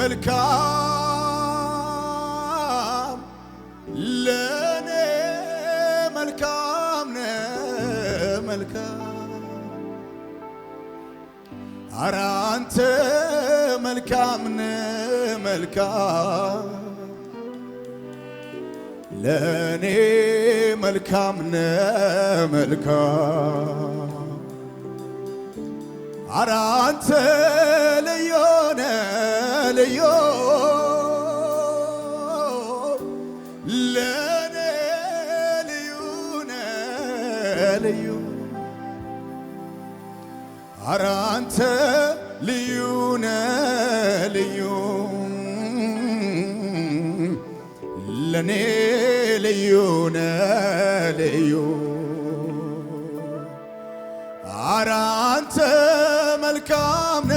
መልካም ለኔ መልካም ነ መልካም አረ አንተ መልካም ነ መልካም ለእኔ መልካም ነ መልካም አረ አንተ ልዩ ነህ ልዩ ለኔ ልዩ ነህ ልዩ አረ አንተ ልዩ ነህ ልዩ ለኔ ልዩ ነህ ልዩ መልካም ነ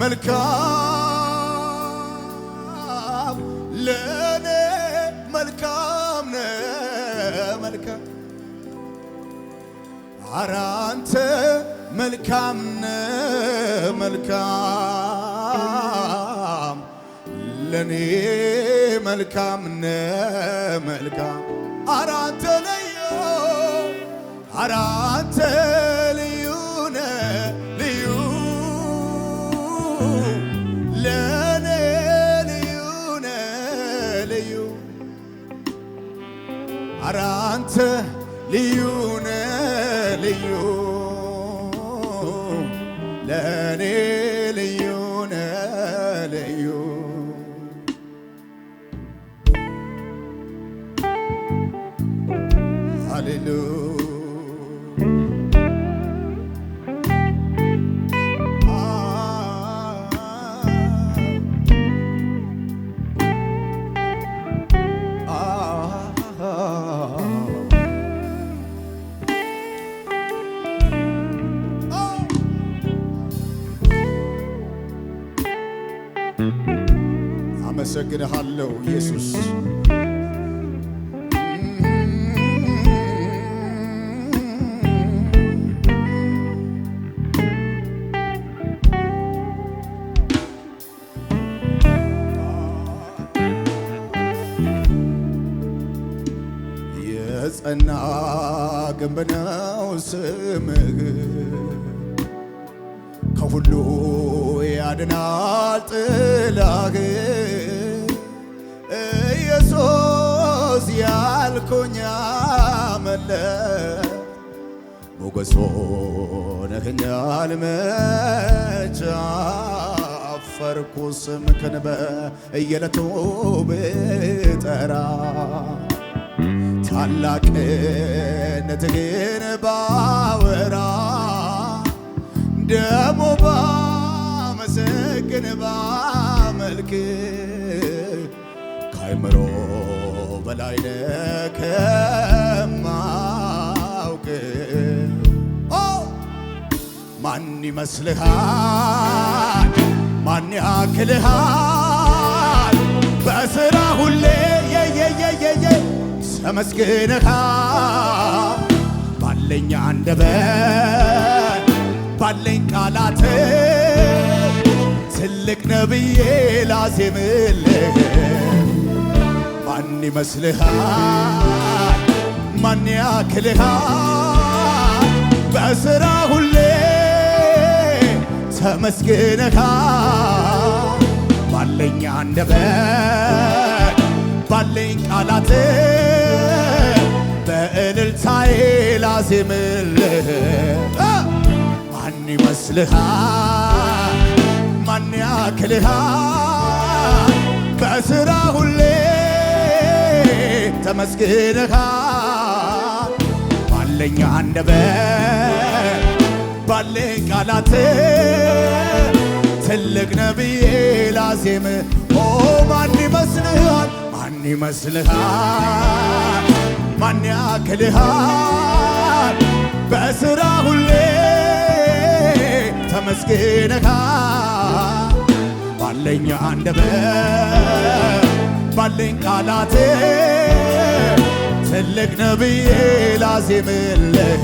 መልካም ለእኔ መልካም ነ መልካም አራንተ መልካም ነ መልካም ለእኔ መልካም ነህ መልካም ኧረ አንተ ለየው አረ አንተ ልዩነ ልዩ ለእኔ ልዩ አመሰግንሃለሁ ኢየሱስ የጸና ግንብ ነው ስምህ ከሁሉ ያድናል ጥላህ አልኩኝ አመለ ሞገስ ሆነኸኛል መቼ ስምህን በየዕለቱ ብጠራ ታላቅነትህን ባወራ ደግሞ ባመሰግን ባመልክ ካይምሮ በላይ ነህ ማን ይመስልሃል? ማን ያክልሃል? በስራ ሁሌ የየየየየ ተመስግነሃል። ባለኝ አንደበት ባለኝ ቃላት ትልቅ ነብዬ ላዜምልህ ማን ይመስልሃል? ማን ያክልሃል? በስራ ሁሌ ተመስግነሃል። ባለኝ አንደበት ባለኝ ቃላት በእልልታዬ ላዜምልህ። ማን ይመስልሃል? ማን ያክልሃል? በስራ ሁሌ ተመስግነሃል ባለኝ አንደበት ባለኝ ቃላት ትልቅ ነብዬ ላዜም ኦ ማን ይመስልሃል ማን ይመስልሃል ማን ያክልሃል በስራ ሁሌ ተመስግነሃል ባለኝ አንደበት ባለኝ ቃላት ትልቅ ነብዬ ላዜምልህ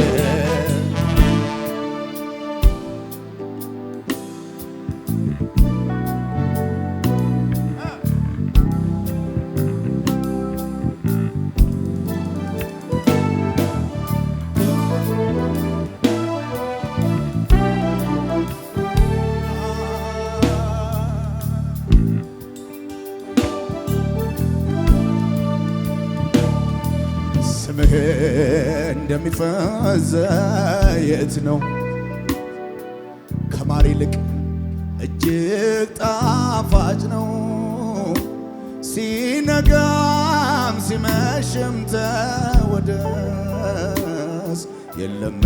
የሚፈዘየት ነው ከማር ይልቅ እጅግ ጣፋጭ ነው። ሲነጋም ሲመሽም ተወደስ የለም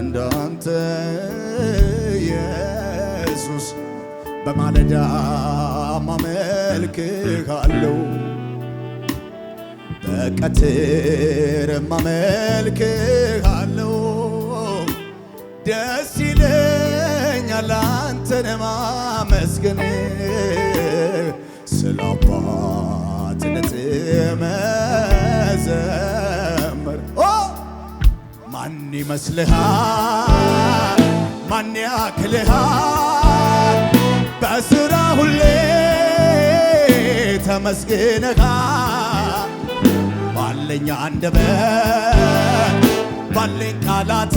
እንዳንተ ኢየሱስ በማለዳ ማመልክህ አለው በቀትር ማመልክሃለው ደስ ይለኛል አንተን ማመስገን ስለ አባትነት መዘመር ማን ይመስልሃል ማን ያክልሃል በስራ ሁሌ ተመስግነሃል ባለኝ አንደበት ባለኝ ቃላት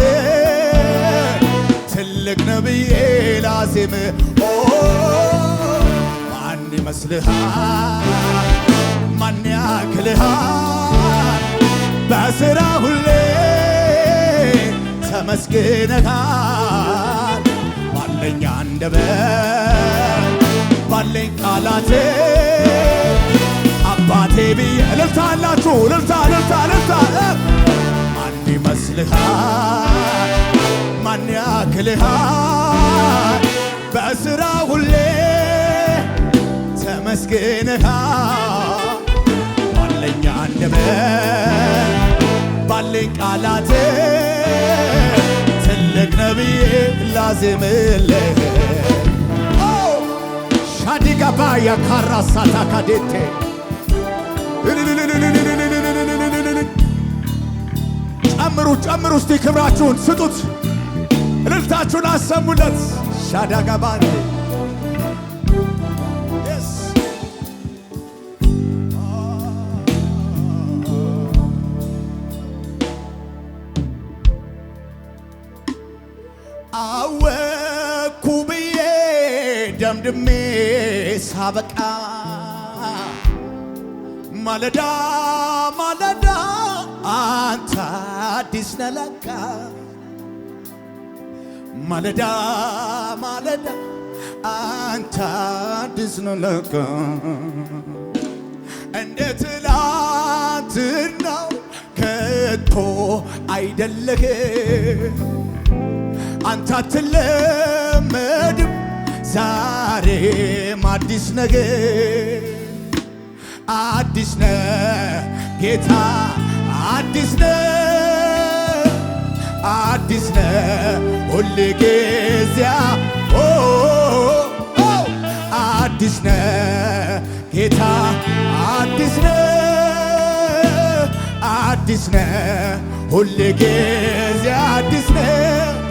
ትልቅ ነብዬ ላዜም ማን ይመስልሃል? ማን ያክልሃል? በስራ ሁሌ ተመስግነሃል። ባለኝ አንደበት ባለኝ ቃላት አባቴ ብዬ እልልታ አላችሁ እልልታ እልልታ እልልታ ማን ይመስልሃል ማን ያክልሃል በስራ ሁሌ ተመስገንሃ ባለኛ አንደበት ባለኝ ቃላት ትልቅ ነብዬ ላዜምልህ ሻዲጋባ ያካራ ሳታ ካዴቴ ጨምሩ ጨምሩ፣ እስቲ ክብራችሁን ስጡት፣ እልልታችሁን አሰሙለት። ሻዳጋባን ah. አወኩ ብዬ ደምድሜ ሳበቃ ማለዳ ማለዳ አንተ አዲስ ነህ ለካ ማለዳ ማለዳ አንተ አዲስ ነህ ለካ እንደ ትላንትናው ከቶ አይደለህም አንተ አትለመድም ዛሬም አዲስ ነህ አዲስ ነህ ጌታ አዲስ ነ አዲስ ነው ሁል ጊዜያ አዲስ ነው ጌታ አዲስ ነው አዲስ ነው ሁል ጊዜያ አዲስ ነው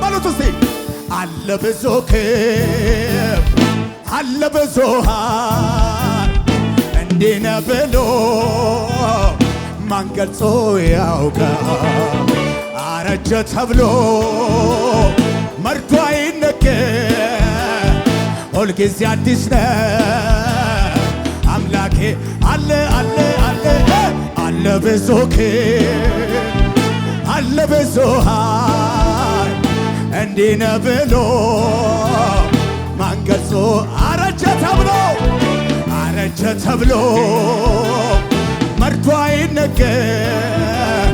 ባሉት ውስጥ አለ ብዙ ክብ አለ ብዙ እንዲህ ነው ብሎ ማን ገልጾ ያውቃል? አረጀ ተብሎ መርዶ አይነገር፣ ሁልጊዜ አዲስ ነ አምላኬ አለ አለ አለ አለ ብዙ አለ ብዙ እንዲህ ነው ብሎ ማን ገልጾ አረጀ ተብሎ አረጀ ተብሎ ነገር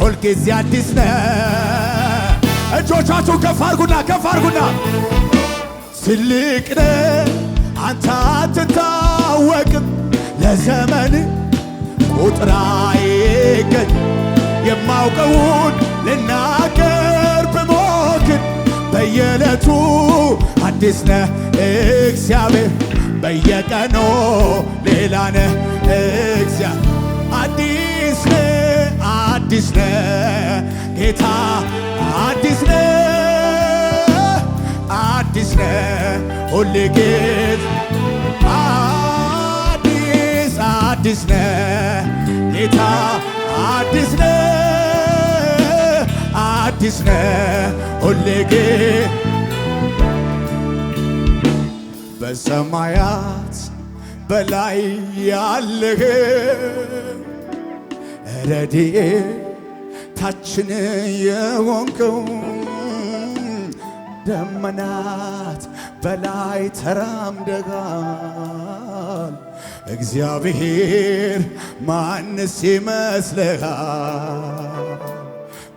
ሁልጊዜ አዲስ ነ እጆቻችሁ ከፍ አርጉና ከፍ አርጉና ትልቅ ነ አንተ አትታወቅም ለዘመን ቁጥር አይገኝ የማውቀውን ልናገር ብሞክር በየዕለቱ አዲስ ነ እግዚአብሔር በየቀኑ ሌላ ነ እግዚአብሔር አዲስ ነህ ጌታ አዲስ ነህ አዲስ ነህ ሁሌ ጌታ አዲስ አዲስ ነህ ጌታ አዲስ ነ አዲስ ነህ ሁሌ ጌታ በሰማያት በላይ ያለህ ረድኤታችን የሆንከው ደመናት በላይ ተራምደሃል። እግዚአብሔር ማንስ ይመስልሃል?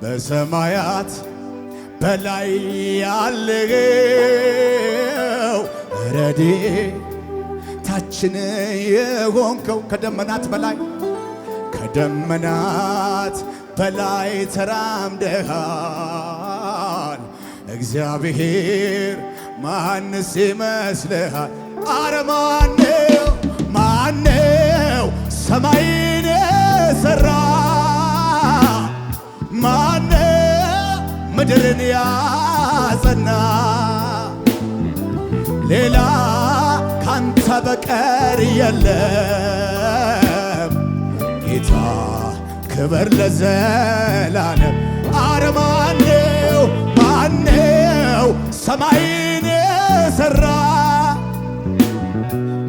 በሰማያት በላይ ያለው ረድኤታችን የሆንከው ከደመናት በላይ ከደመናት በላይ ተራምደሃል እግዚአብሔር ማንስ ይመስልሃል? አረ ማነው ማነው ሰማይን የሠራ ማነው ምድርን ያጸና ሌላ ካንተ በቀር የለም ጌታ ክብር ለዘላለም። አረ ማነው ማነው ሰማይን የሰራ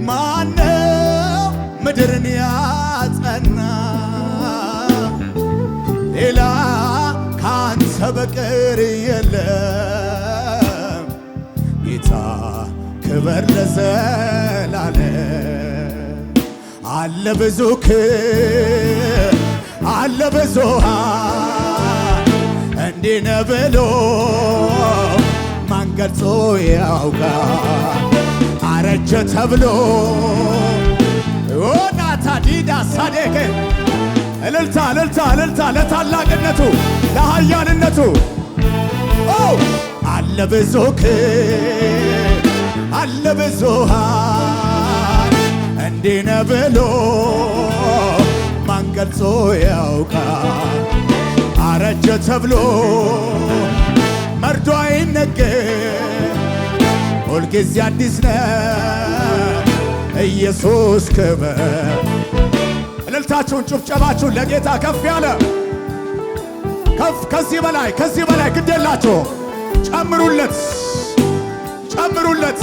ማነው ምድርን ያጸና ሌላ ከአንተ በቀር የለም ጌታ ክብር ለዘላለም አለ ብዙ ክብር አለ ብዙ እንዲህ ነው ብሎ ማን ገልጾ ያውቃል? አረጀ ተብሎ ናታ ዲዳ ሳዴቅ እልልታ እልልታ እልልታ ለታላቅነቱ ለኃያልነቱ አለ ብዙ አለ እንዲህ ነው ብሎ ማን ገልጾ ያውቃል? አረጀ ተብሎ መርዶ አይነገር፣ ሁልጊዜ አዲስ ነው ኢየሱስ ክብር። እልልታችሁን ጭብጨባችሁን ለጌታ ከፍ ያለ ከፍ ከዚህ በላይ ከዚህ በላይ ግድ የላችሁ ጨምሩለት ጨምሩለት